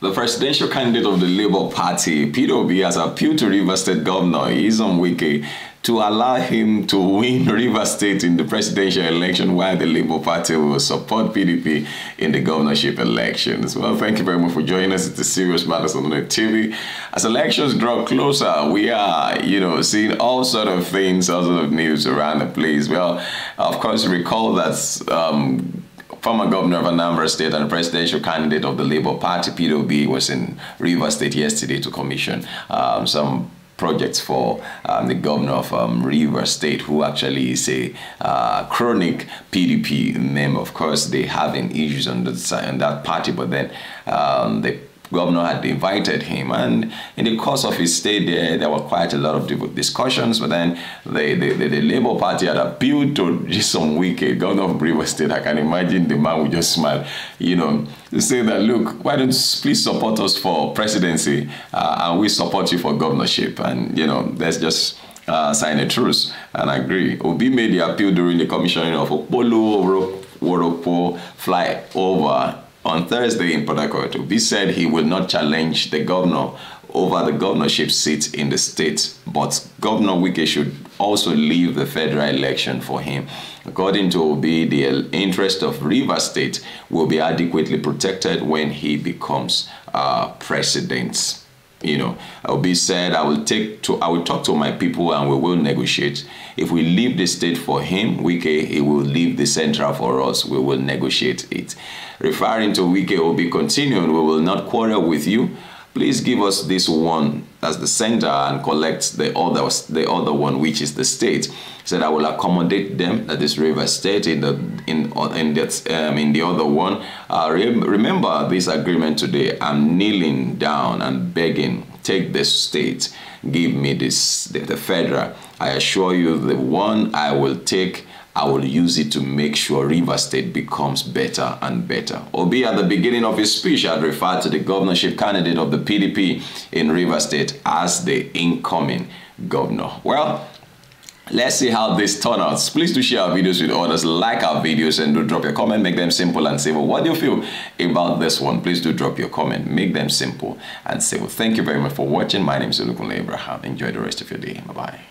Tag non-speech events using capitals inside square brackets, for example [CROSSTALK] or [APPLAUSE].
The presidential candidate of the Labour Party, PWB, has appealed to River State Governor Izon Wike to allow him to win [LAUGHS] River State in the presidential election while the Labour Party will support PDP in the governorship elections. Well, thank you very much for joining us. It's a serious matter. on the TV. As elections draw closer, we are, you know, seeing all sort of things, all sort of news around the place. Well, of course, recall that um, Former governor of Anambra State and presidential candidate of the Labour Party, PWB, was in River State yesterday to commission um, some projects for um, the governor of um, River State, who actually is a uh, chronic PDP member. Of course, they have issues on, the, on that party, but then um, the governor had invited him. And in the course of his stay there, there were quite a lot of discussions, but then the, the, the, the Labour Party had appealed to Jason Wike, governor of Brewer State. I can imagine the man would just smile, you know, say that, look, why don't you please support us for presidency uh, and we support you for governorship. And, you know, let's just uh, sign a truce and agree. Obi made the appeal during the commissioning of Opolo Woropo over. On Thursday in Port Harcourt, said he will not challenge the governor over the governorship seat in the state, but Governor Wike should also leave the federal election for him. According to Obi, the interest of River State will be adequately protected when he becomes uh, president you know obi said i will take to i will talk to my people and we will negotiate if we leave the state for him wike he will leave the central for us we will negotiate it referring to wike obi continued we will not quarrel with you please give us this one as the sender and collect the other, the other one, which is the state. said, I will accommodate them, this River State, in the, in, in, that, um, in the other one. Uh, re remember this agreement today. I'm kneeling down and begging, take the state, give me this, the, the federal. I assure you, the one I will take I will use it to make sure River State becomes better and better. Obi, at the beginning of his speech, had referred to the governorship candidate of the PDP in River State as the incoming governor. Well, Let's see how this turns out. Please do share our videos with others, like our videos, and do drop your comment. Make them simple and simple. What do you feel about this one? Please do drop your comment. Make them simple and simple. Thank you very much for watching. My name is Olukunle Abraham. Enjoy the rest of your day. Bye-bye.